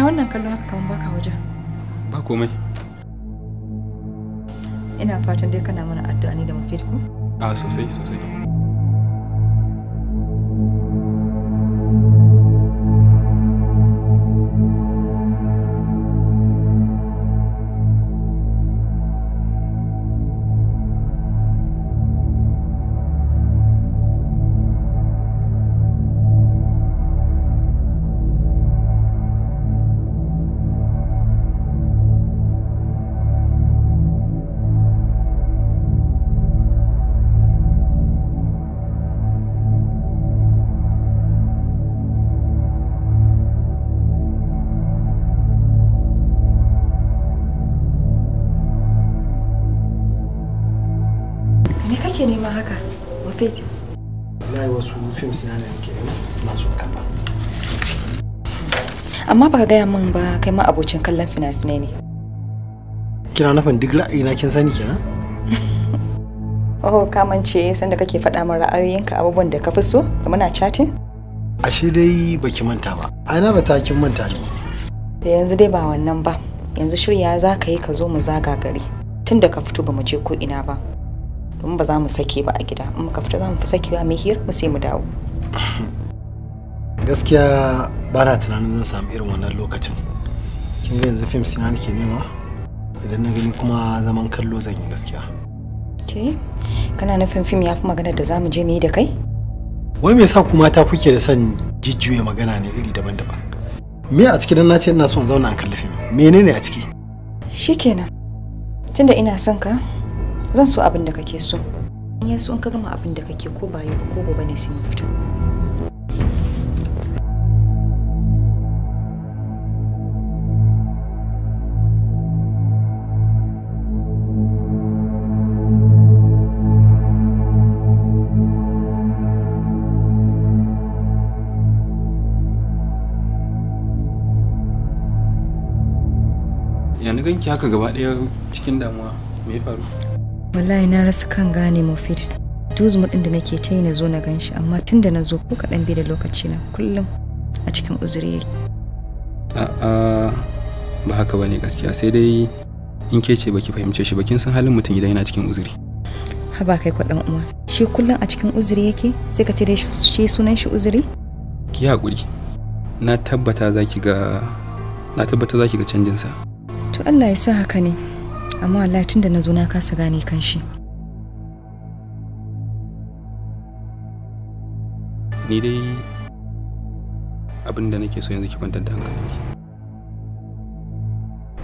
ya wannan kallo haka kamar baka wajen ba komai ina fatan dai kana mana addu'a ne da mafi ko a sosai sosai fake na yi amma baka gaya min ba kai ma abocin kallon fina-finai ne kina nufin duk ra'ayina kin sani kenan oh kamance sanda kake faɗa min ra'ayoyinka abubuwan da ka fi so da muna chatting ashe dai ba ki manta ba a ana ba ta kin manta ne da yanzu dai ba wannan ba yanzu shirya za ka yi ka zo mu zaga gari tun da ka fito ba mu je ko ina ba domin ba za mu sake ba a gida in muka fita za mu fi sakewa mai hira mu sai mu dawo gaskiya ba na tunanin zan samu irin wannan lokacin kin ga yanzu fim sina nake nema idan na gani kuma zaman kallo zan yi gaskiya ke kana nufin fim ya fi magana da zamu je mu yi da kai wai me yasa ku mata kuke da son jijjuya magana ne iri daban-daban me a cikin dan na ce ina son zauna an kalli fim menene a ciki shikenan tunda ina son ka zan so abin da kake so in ya so in ka gama abin da kake ko ba yau ko gobe ne sai mu fita ya na ganki haka gaba ɗaya cikin damuwa me ya faru wallahi na rasa kan gane mufid duzmu din da nake ta na zo na gan shi amma tun da na zo ko kaɗan bi da lokaci na kullum a cikin uzuri yake a'a ba haka bane gaskiya sai dai in ke ce baki fahimce shi bakin san halin mutum idan yana cikin uzuri ba kai kwaɗan uwa shi kullum a cikin uzuri yake sai ka ce dai shi sunan shi uzuri ki haƙuri na tabbata za ki ga na tabbata za ki ga canjinsa to Allah ya sa haka ne amma allah tunda na zo na kasa gane kan shi ni dai abin da nake so yanzu ki kwantar da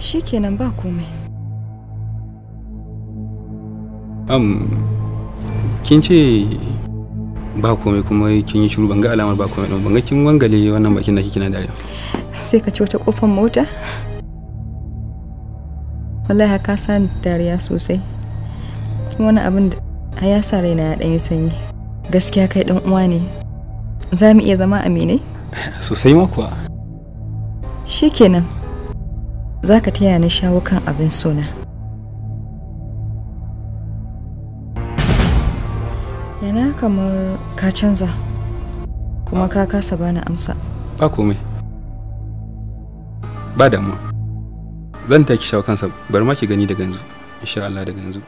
Shi shikenan ba komai am kin ce ba komai kuma kin yi shiru banga ga alamar ba komai ban ga kin wangale wannan bakin da kike na dare sai ka ci wata kofar mota wallahi ka san dariya sosai wani abin da a ya sa raina ya ɗanyi sanyi gaskiya kai ɗan uwa ne za mu iya zama aminai sosai ma kuwa shikenan za ka taya ni shawo kan abin sona yana kamar ka canza kuma ka kasa bani amsa ba komai ba damuwa zan taki shawo kansa bari ma ki gani daga yanzu insha Allah daga yanzu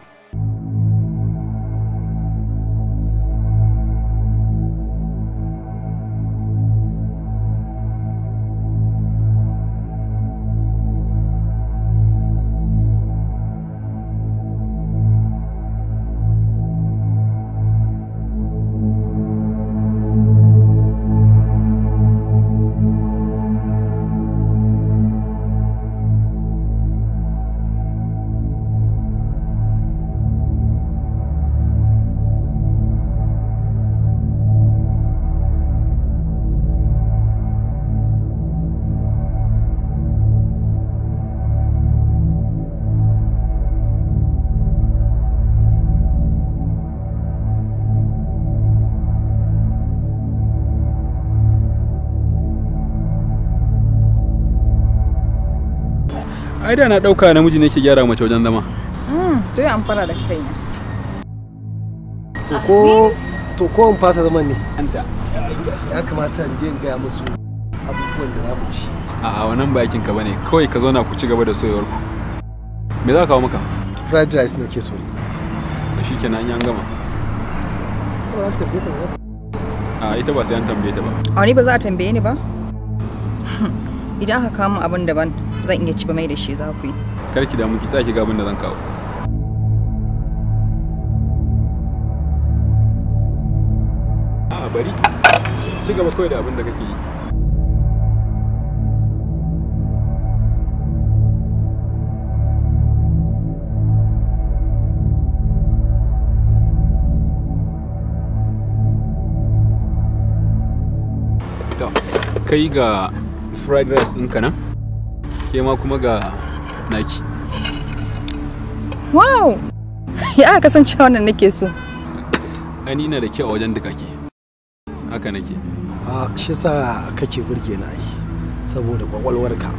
ai da na dauka namiji nake ke gyara mace wajen zama hmm, to yi amfana da kai ne to ko to ko in fata zaman ne anta ya kamata in je in gaya musu abubuwan da za mu ci a'a wannan ba aikin ka bane kawai ka zauna ku ci gaba da soyawar ku me za ka kawo maka fried rice nake so shi kenan an gama a ita ba sai an tambaye ta ba a wani ba za a tambaye ni ba idan aka kama abin daban zan iya ci ba mai da shi za ku yi kar ki damu ki tsaya ki ga abin da zan kawo a bari ci gaba kawai da abin da kake yi kai ga fried rice ɗinka nan ke ma kuma ga naki wow ya aka san wannan nake so ani na da kyau a wajen duka ke haka nake a shi sa kake burge na yi saboda kwakwalwarka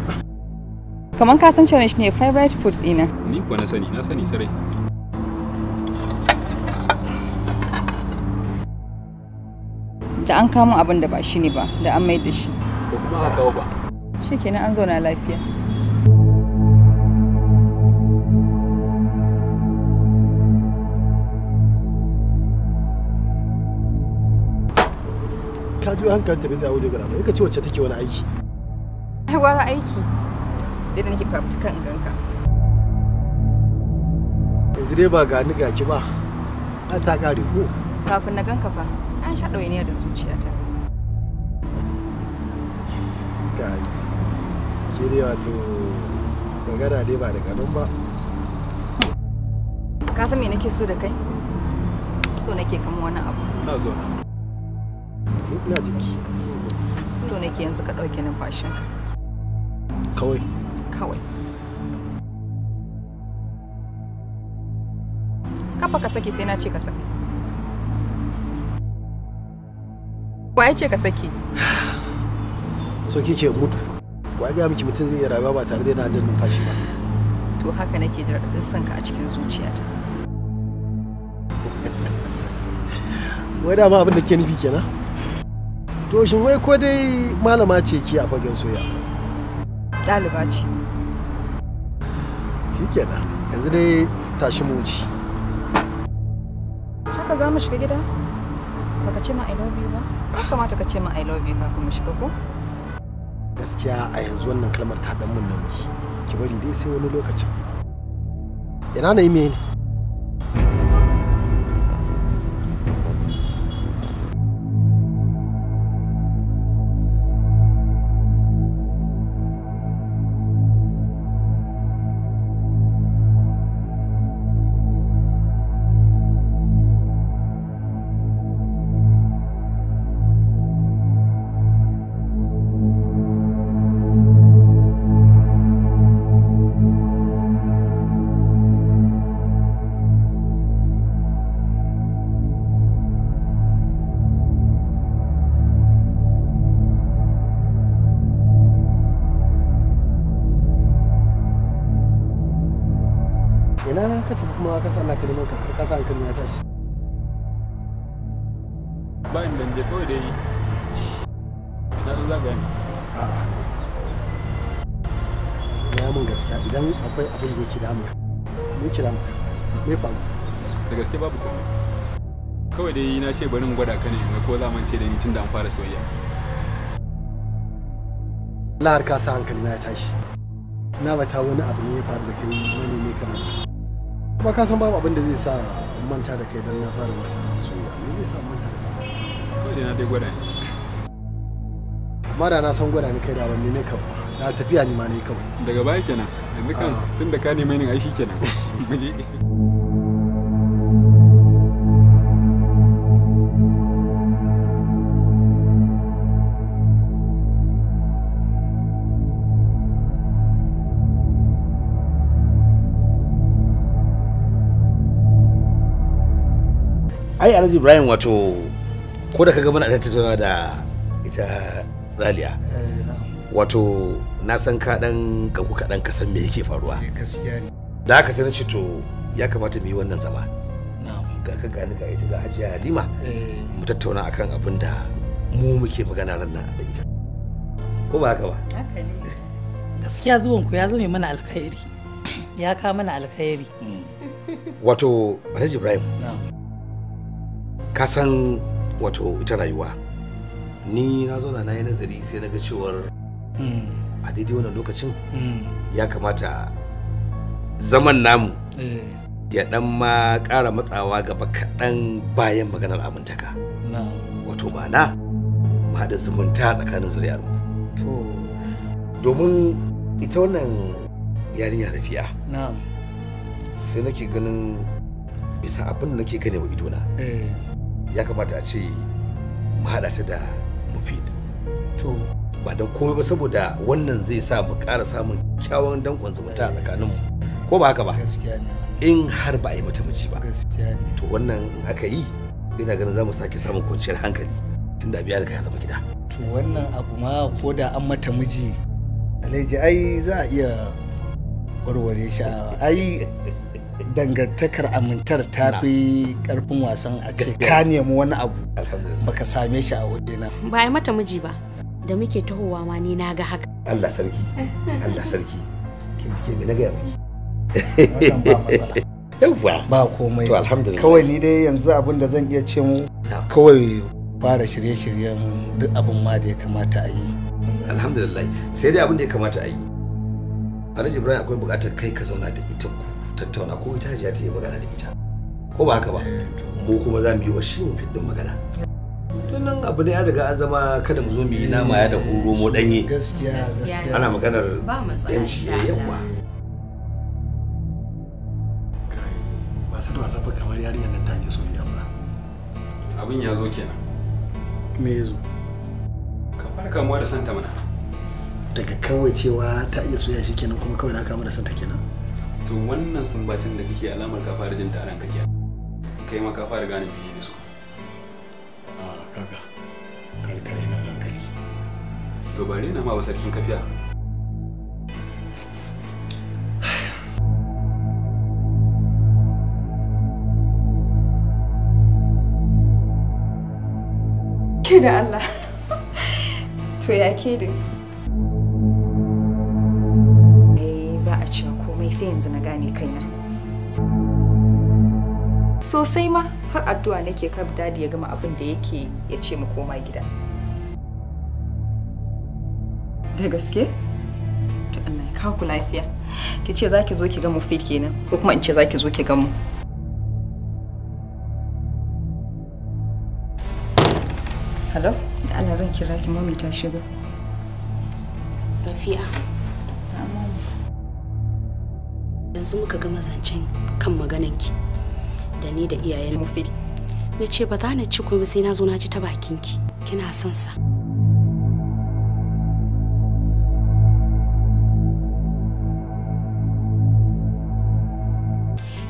kamar ka san cewa ne favorite food ina. ni kuwa na sani na sani sarai da an kamo abin da ba shi ne ba da an mai da shi da kuma haka ba shi kenan an zauna lafiya duk hankalinta bai zai waje wajen ba ka ce wacce take wani aiki ai aiki da nake fafutukan in ganka yanzu dai ba gani gaki ba an ta kare ko kafin na ganka fa an sha ɗawainiya da zuciyata kai ke dai wato magana dai ba da kanan ba ka san me nake so da kai so nake kama wani abu na zo ina jiki so ke yanzu ka ɗauke ka. kawai kawai kafa ka saki sai na ce ka saki waye ce ka saki so kike mutu waye ga miki mutum zai iya rayuwa ba tare da yana jin numfashi ba to haka nake da raɗin son ka a cikin zuciyata wai dama abin da ke nufi kenan to shin wai ko dai malama ce ki a fagen soya ɗaliba ce shikenan yanzu dai tashi mu wuce haka za mu shiga gida baka ce ma i love you ba ya kamata ka ce ma i love you kafin mu shiga ko gaskiya a yanzu wannan kalmar ta dan mun nan ki bari dai sai wani lokacin ina na yi mene ce bari mu gwada ka ne ga ko zamance da ni tun da an fara soyayya lahar ka sa hankali na ya tashi na ba ta wani abu ne ya faru da kai wani ne kamar sa kuma ka san babu abin da zai sa manta da kai don na fara wata soyayya me zai sa manta da kai kawai na dai gwada ne amma da na san gwada ni kai da wani ne kawai na tafiya ni ma ne kawai daga baya kenan yanzu kan ah. tun da ka nemi ni ai shi kenan ai alhaji ibrahim wato ko da kaga muna da tattauna da ita raliya wato na san ka dan kaku kaɗan ka san me yake faruwa eh, da aka sai na ce to ya kamata mu yi wannan zama ga ka gani ga ita ga hajiya halima eh. mu tattauna akan abin da mu muke magana ran nan da ita ko ba haka ba gaskiya zuwan ku ya zame mana alkhairi ya ka mana alkhairi hmm. wato alhaji ibrahim Kasan wato ita rayuwa ni na zauna na yi nazari sai na ga cewar hmm. a daidai wannan lokacin hmm. ya kamata zaman namu eh. ya dan ma kara matsawa gaba kaɗan bayan maganar amintaka wato ma'ana ma da zumunta tsakanin zuriyar mu domin ita wannan yarinya rafi'a sai nake ganin bisa abin da nake wa idona eh. ya kamata a ce mu haɗa ta da mufid to ba da komai ba saboda wannan zai sa mu ƙara samun kyawun dankon zumunta a tsakaninmu ko ba haka ba in har ba a yi mata miji ba to wannan in aka yi ina ganin za mu sake samun kwanciyar hankali tun da biya da ya zama gida to wannan abu ma ko da an mata miji alhaji ai za a iya warware shi ai dangantakar amintar ta fi karfin wasan a ce ka nemi wani abu baka same shi a waje na ba ai mata miji ba da muke tahowa ma ni na ga haka Allah sarki Allah sarki kin ji me na ga miki yawa ba komai to alhamdulillah kawai ni dai yanzu abin da zan iya ce mu kawai fara shirye-shiryen duk abin ma da ya kamata a yi alhamdulillah sai dai abin da ya kamata a yi alhaji ibrahim akwai bukatar kai ka zauna da ita ku tattauna ko ita hajiya ta yi magana da ita ko ba haka ba mu kuma za mu yi wa shi mu fiddin magana tun nan abu ne ya riga an zama kada mu zo mu yi nama ya da goro mo danye ana maganar yanci ya yawa ba ta da wasa kamar yarinyar nan ta yi soyayya ba abin ya zo kenan me ya zo ka fara kamuwa da santa mana daga kawai cewa ta iya soyayya shi kenan kuma kawai na kamu da santa kenan to wannan sambatin da kake alamar ka fara jin taron kake kai ma ka fara gane biyu ne su a kaga karkare na hankali to bare na ma ba sarkin kafiya ke da Allah to ya ke din ne sai yanzu na gane kaina sosai ma har addu'a nake ke dadi ya gama abin da yake ya ce mu koma gida da gaske to Allah ya kawo lafiya ki ce zaki zo ki ga mu fit kenan ko kuma in ce zaki zo ki ga mu hello Allah zan kira ki mami ta shigo Rafi'a yanzu muka ga mazancin kan maganarki da ni da iyayen mufil na ce ba za na ci kuma sai na zo na ji ta bakinki kina son sa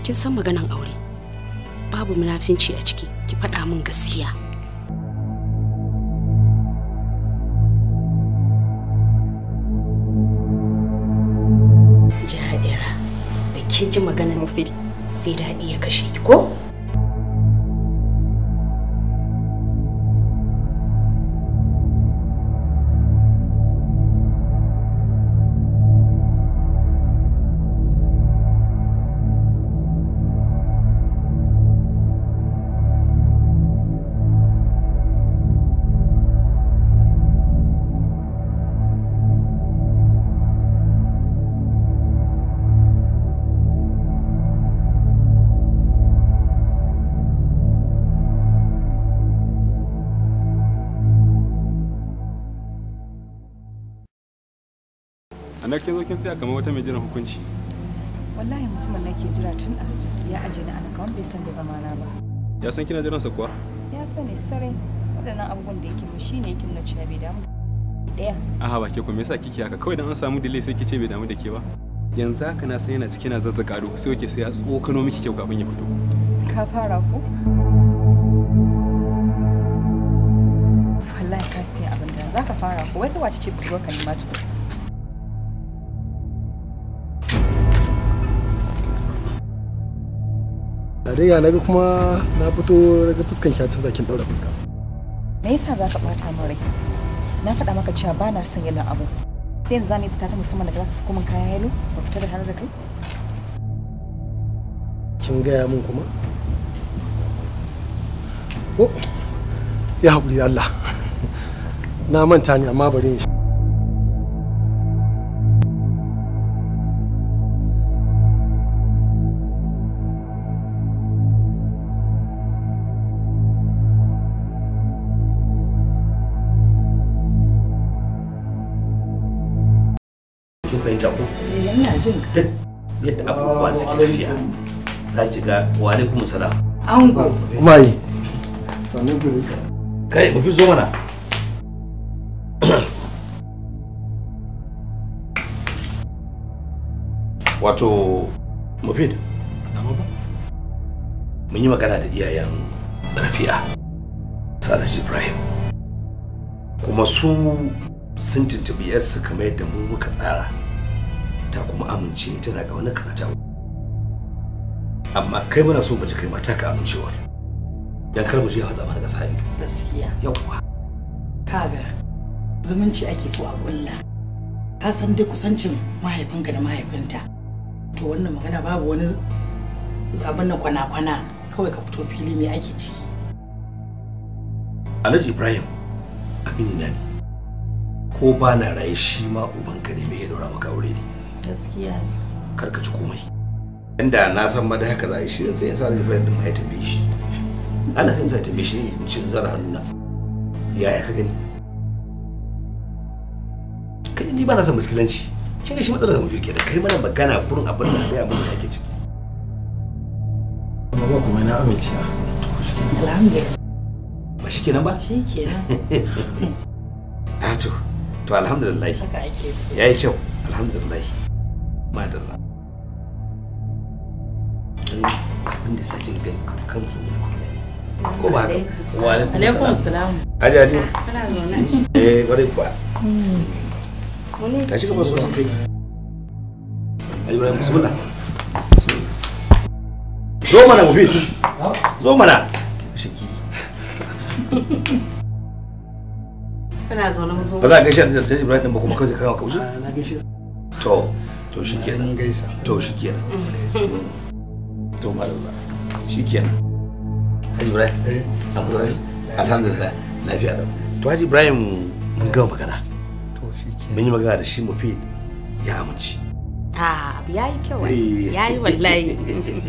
kin san maganan aure babu munafinci a ciki ki faɗa min gaskiya kin ji maganar mufid sai daɗi ya kashe ki ko ana kin zo kin tsaya kamar wata mai jiran hukunci wallahi mutumin nake jira tun ɗazu ya aje ni anan kamar bai san da zamana ba ya san kina jiransa kuwa ya sani sarai waɗannan abubuwan da yake mu ne yake nuna cewa bai damu ɗaya aha ba ke ku me yasa kike haka kawai dan an samu delay sai kice bai damu da ke ba yanzu haka na san yana cikin zazzaka ado sai yake sai ya tsokano miki kyau kafin ya fito ka fara ko wallahi ka fiye abin da za ka fara ko wai ka wace ce budurwar kalimatu a dai na ga kuma na fito daga fuskan ki ta zakin daura fuska me yasa za ka bata min rai na faɗa maka cewa ba na son yalon abu sai yanzu zamu fita ta musamman daga zaka sako min kayan yalo ba fita da har da kai kin gaya min kuma oh ya haƙuri Allah na manta ne amma bari in ina jin ka duk yadda abubuwa suke tafiya za ki ga wa alaikum salam ango kuma yi kai mafi zo mana wato mafid mun yi magana da iyayen rafi'a salas ibrahim kuma su sun tuntubi yarsu kamar yadda mu muka tsara ta kuma amince tana ga wani kaza ta amma kai muna so baje kai mata ka amincewa dan kar mu je haza mana kasa ido gaskiya yawa kaga zumunci ake so a kulla ka san dai kusancin mahaifinka da mahaifinta to wannan magana babu wani abin na kwana-kwana kawai ka fito fili mai ake ciki alhaji ibrahim abin na ko ba na raye shi ma ubanka ne mai ya dora maka aure ne gaskiya ne karkaci ka ci komai inda na san ma da haka za a yi shi sai in sa da jibril din ma tambaye shi ana sai sa tambaye shi ne in ci zara hannuna yaya ka gani kai ni ba na san muskilanci kin ga shi matsalar sa mutuke da kai mana magana gurin abin da ya mun da yake ciki amma ba kuma na amince alhamdulillah ba shi kenan ba shi kenan a ah, to to alhamdulillah haka ake so yayi kyau alhamdulillah madalla wanda sake gani kan su ne ko ba haka wa aji aji kana zaune eh kuwa ka basu kai zo mana mu bi zo mana shiki kana zaune mu zo ba za ka gaishe da Ibrahim ba kuma kai ka kawo ah, to to shi kenan gaisa to shi kenan to malalla shi kenan haji ibrahim eh abu ibrahim alhamdulillah lafiya da to haji ibrahim mun gama magana to shi kenan mun yi magana da shi mufid ya amince a ah, abu yayi kyau eh. yayi wallahi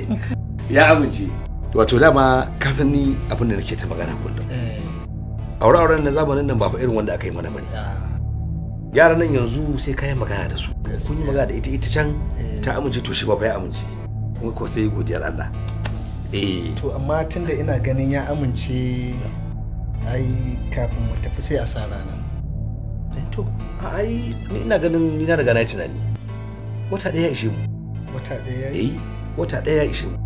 ya amince wato dama ka san ni abin da nake ta magana kullum eh. aure-auren na zamanin nan ba fa irin wanda aka yi mana bane ah. yaran nan yanzu sai yi magana da su sun yi magana da ita ita can eh. ta amince to shi ba ya amince kuma ko sai godiyar Allah eh to amma tunda ina ganin ya amince ai kafin mu tafi sai a sa rana eh, to ai ni ina ganin ni na riga na tunani wata daya ishe mu wata daya eh wata daya ishe mu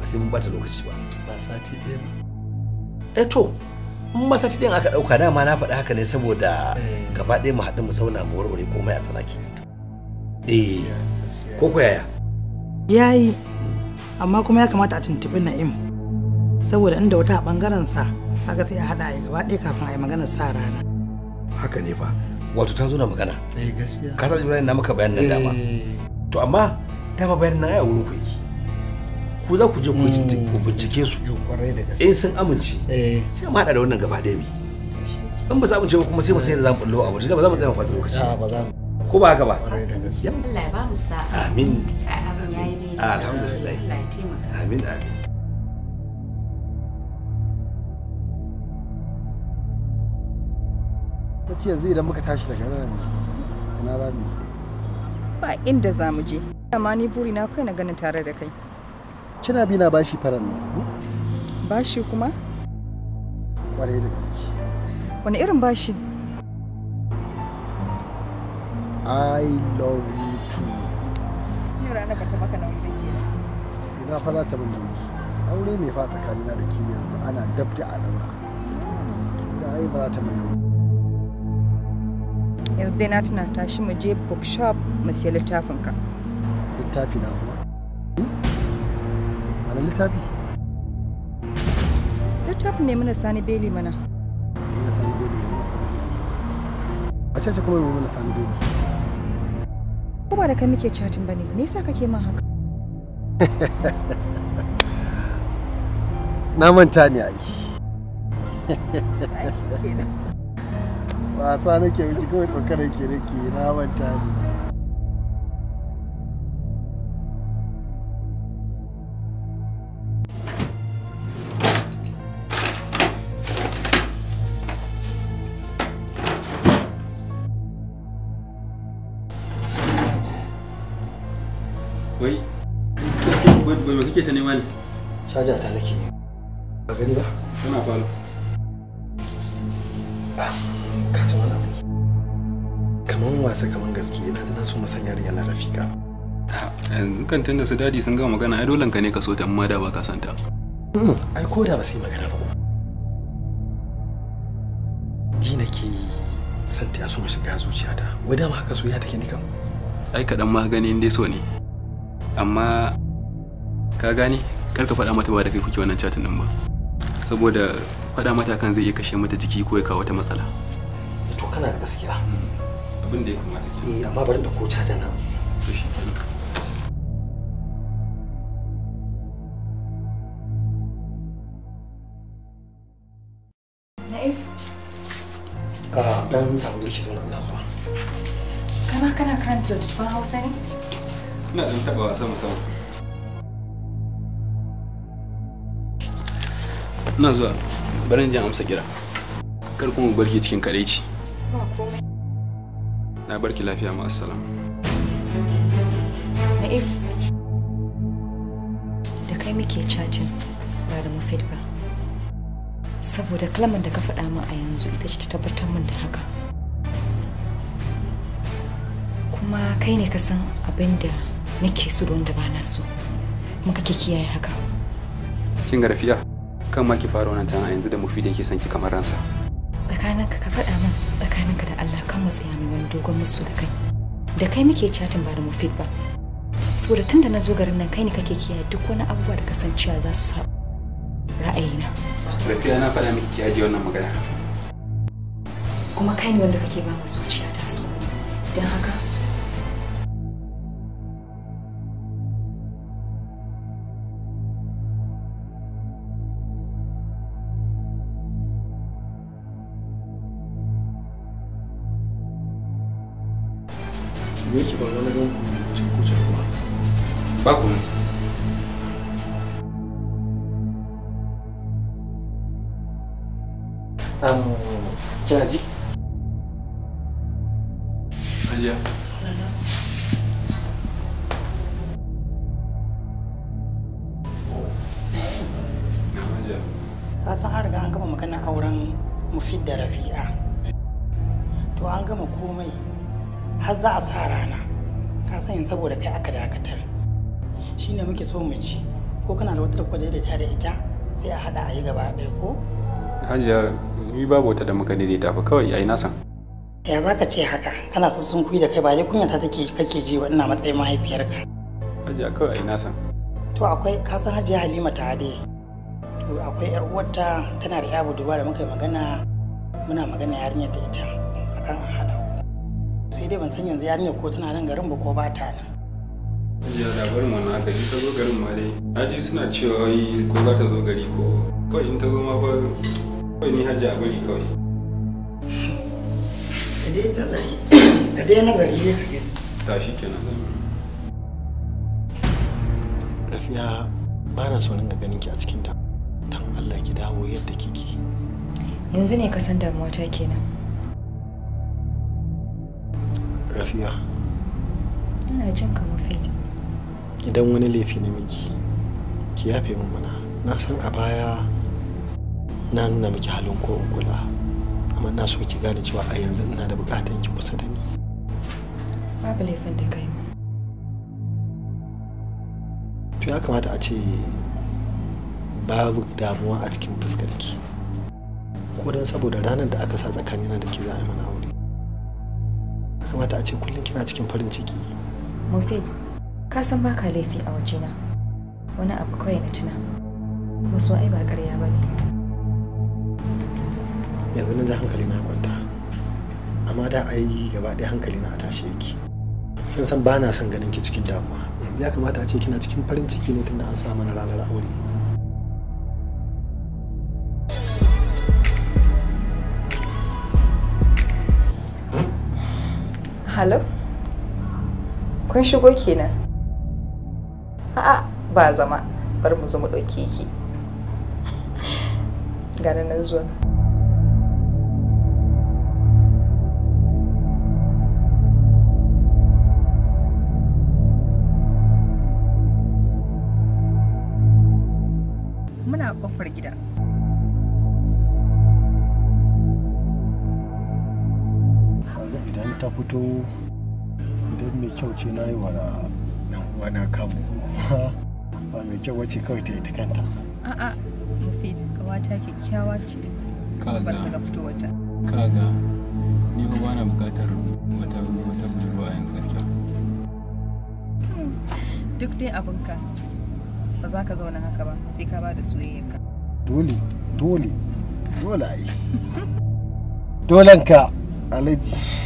ba sai mun bata lokaci ba ba sati daya ba eh to masati din aka dauka dama na faɗa haka ne saboda eh. gaba ɗaya mu haɗu mu zauna mu warware komai a tsanaki eh ko ku yaya yayi amma kuma ya kamata a tuntubi na'im saboda inda wata bangaren sa kaga sai a hada ya gaba ɗaya kafin a yi maganar sa rana haka ne fa wato ta zo na magana eh gaskiya ka san jira na maka bayanin nan dama eh. to amma dama bayanin nan ai a wurin ku yake ku za ku je ku hmm, bincike su in sun amince eh. sai mu hada da wannan gaba ɗaya in ba su amince ba kuma sai mu eh. sai da zamu bullo abu da ba za mu tsaya mu fata lokaci ah, ko ba haka ba Allah ya ba mu sa'a amin alhamdulillah amin amin ce yanzu idan muka tashi daga nan ina za mu ba inda za mu je amma ni buri na kai na ganin tare da kai kina bi na bashi faran ne bashi kuma kware da gaske wani irin bashi I love you too. Yau ranar ba ta maka nauyi da ke. Ina fa za ta min nauyi. Aure ne fa tsakanina da ke yanzu ana dab da a daura. Ga ai ba za ta min nauyi. Yanzu dai na tuna tashi mu je bookshop mu siya littafin ka. Littafi na kuma. Mana littafi? Littafin mai mana sani beli mana. Mana sani beli mana sani beli. A ce kuma mai mana sani beli. ba da kai muke chatin bane me yasa kake min haka na manta ne ai wasa nake miki kawai tsokanar ke nake na manta ne Wai, sarki gwai gwai kake ta nema ne? Caja ta nake ne. Ba gani ba? Tana falo. Ah, ka san wani abu. Kaman wasa kaman gaske ina tana so mu sanya yarinya Rafika. Ah, yanzu kan tunda su dadi sun gama magana ai dolan ka ne ka so ta amma da ba ka santa. Mm, ai ko da ba sai magana ba ko. Ji nake santa ya so mu shiga zuciyata. Wai dama haka so ya take ni kam. Ai kaɗan ma gani in dai so ne. amma ka gane kar ka faɗa mata ba da kai kuke wannan chatin din ba saboda faɗa mata kan zai iya kashe mata jiki ko ya kawo wata matsala to kana da gaskiya hmm. abin da ya kamata ke eh amma bari da ko chat na to shi kenan dan ah, samu ki zauna ina zuwa. Kai kana karanta littattafan Hausa ne? ina ɗan taɓa sama sama ina zuwa barin jan amsa kira kar kuma barki cikin kadaici na bar ki lafiya ma assalam na'im da kai muke cacin ba da mufid ba saboda kalmar da ka faɗa min a yanzu ita ce ta tabbatar min da haka kuma kai ne ka san abin da nake so da ba na so kuma kake kiyaye haka kin ga rafiya kan ma ki fara wannan tana yanzu da mufi da yake son ki kamar ransa tsakaninka ka faɗa min tsakaninka da Allah kan tsaya min wani dogon musu da kai da kai muke chatin ba da mufi ba saboda tunda da na zo garin nan kai ne kake kiyaye duk wani abubuwa da kasancewa za su sa ra'ayina rafiya na faɗa miki ki aje wannan magana kuma kai ne wanda kake ba mu zuciya ta so don haka tambaye ki ba wani gan cin kucin ba ba ku um kina ji Hajiya. Ka san an riga an gama maganar auren mufid da rafi'a. To an gama komai har za a sa rana ka san saboda kai aka dakatar shine muke so mu ci ko kana da wata kwade da ta da ita sai a hada a yi gaba ɗaya ko hajiya ni babu wata da muka daidaita ba kawai yayi nasan ya za ka ce haka kana su sun kuyi da kai ba dai kunya ta take kake ji ba ina matsayin mahaifiyarka hajiya kawai yayi nasan to akwai ka san hajiya halima ta dai to akwai yar uwarta tana da yabo dubara da muka yi magana muna magana yarinyar da ita sai dai ban san yanzu yarinyar ko tana nan garin ba ko ba ta nan Hajiya labarin wani haka in ta zo garin ma dai na ji suna cewa yi ko za ta zo gari ko kawai in ta zo ma ba kawai ni hajiya a bari kawai. Ka dai nazari ka dai nazari ne ka gani. Tashi kenan Rafiya ba na so nan ga ganin ki a cikin ta. Dan Allah ki dawo yadda kike. Yanzu ne ka san damuwa ta kenan. rafiya ina jin ka idan wani laifi na miki ki yafe mu mana na san a baya na nuna miki halin ko kula amma na so ki gane cewa a yanzu ina da bukatan ki kusa da ni babu laifin da kai to ya kamata a ce babu damuwa a cikin fuskarki ko don saboda ranar da aka sa tsakanina da ke za a yi mana ya kamata a ce kullum kina cikin farin ciki mufid ka san ba ka laifi a wajena wani abu kawai na tuna wasu ai ba karya ba ne yanzu na ji hankali na kwanta amma da a yi gaba ɗaya hankali na a tashi yake kin san ba na son ganin ki cikin damuwa yanzu ya kamata a ce kina cikin farin ciki ne tunda an sa mana ranar aure Hello? Kun shigo kenan? A'a ba zama, bar mu zo mu ɗauke ki. Ganin nan zuwa. fito idan mai kyau ce na yi wara wana kamu ba mai kyau wace kawai ta yi ta kanta a'a mafi wata kyakkyawa ce kuma ba ga fito wata kaga ni ba bana bukatar wata wata budurwa yanzu gaskiya hmm, duk dai abinka ba za ka zauna haka ba sai ka ba da soyayyarka dole dole dole ai dolanka alaji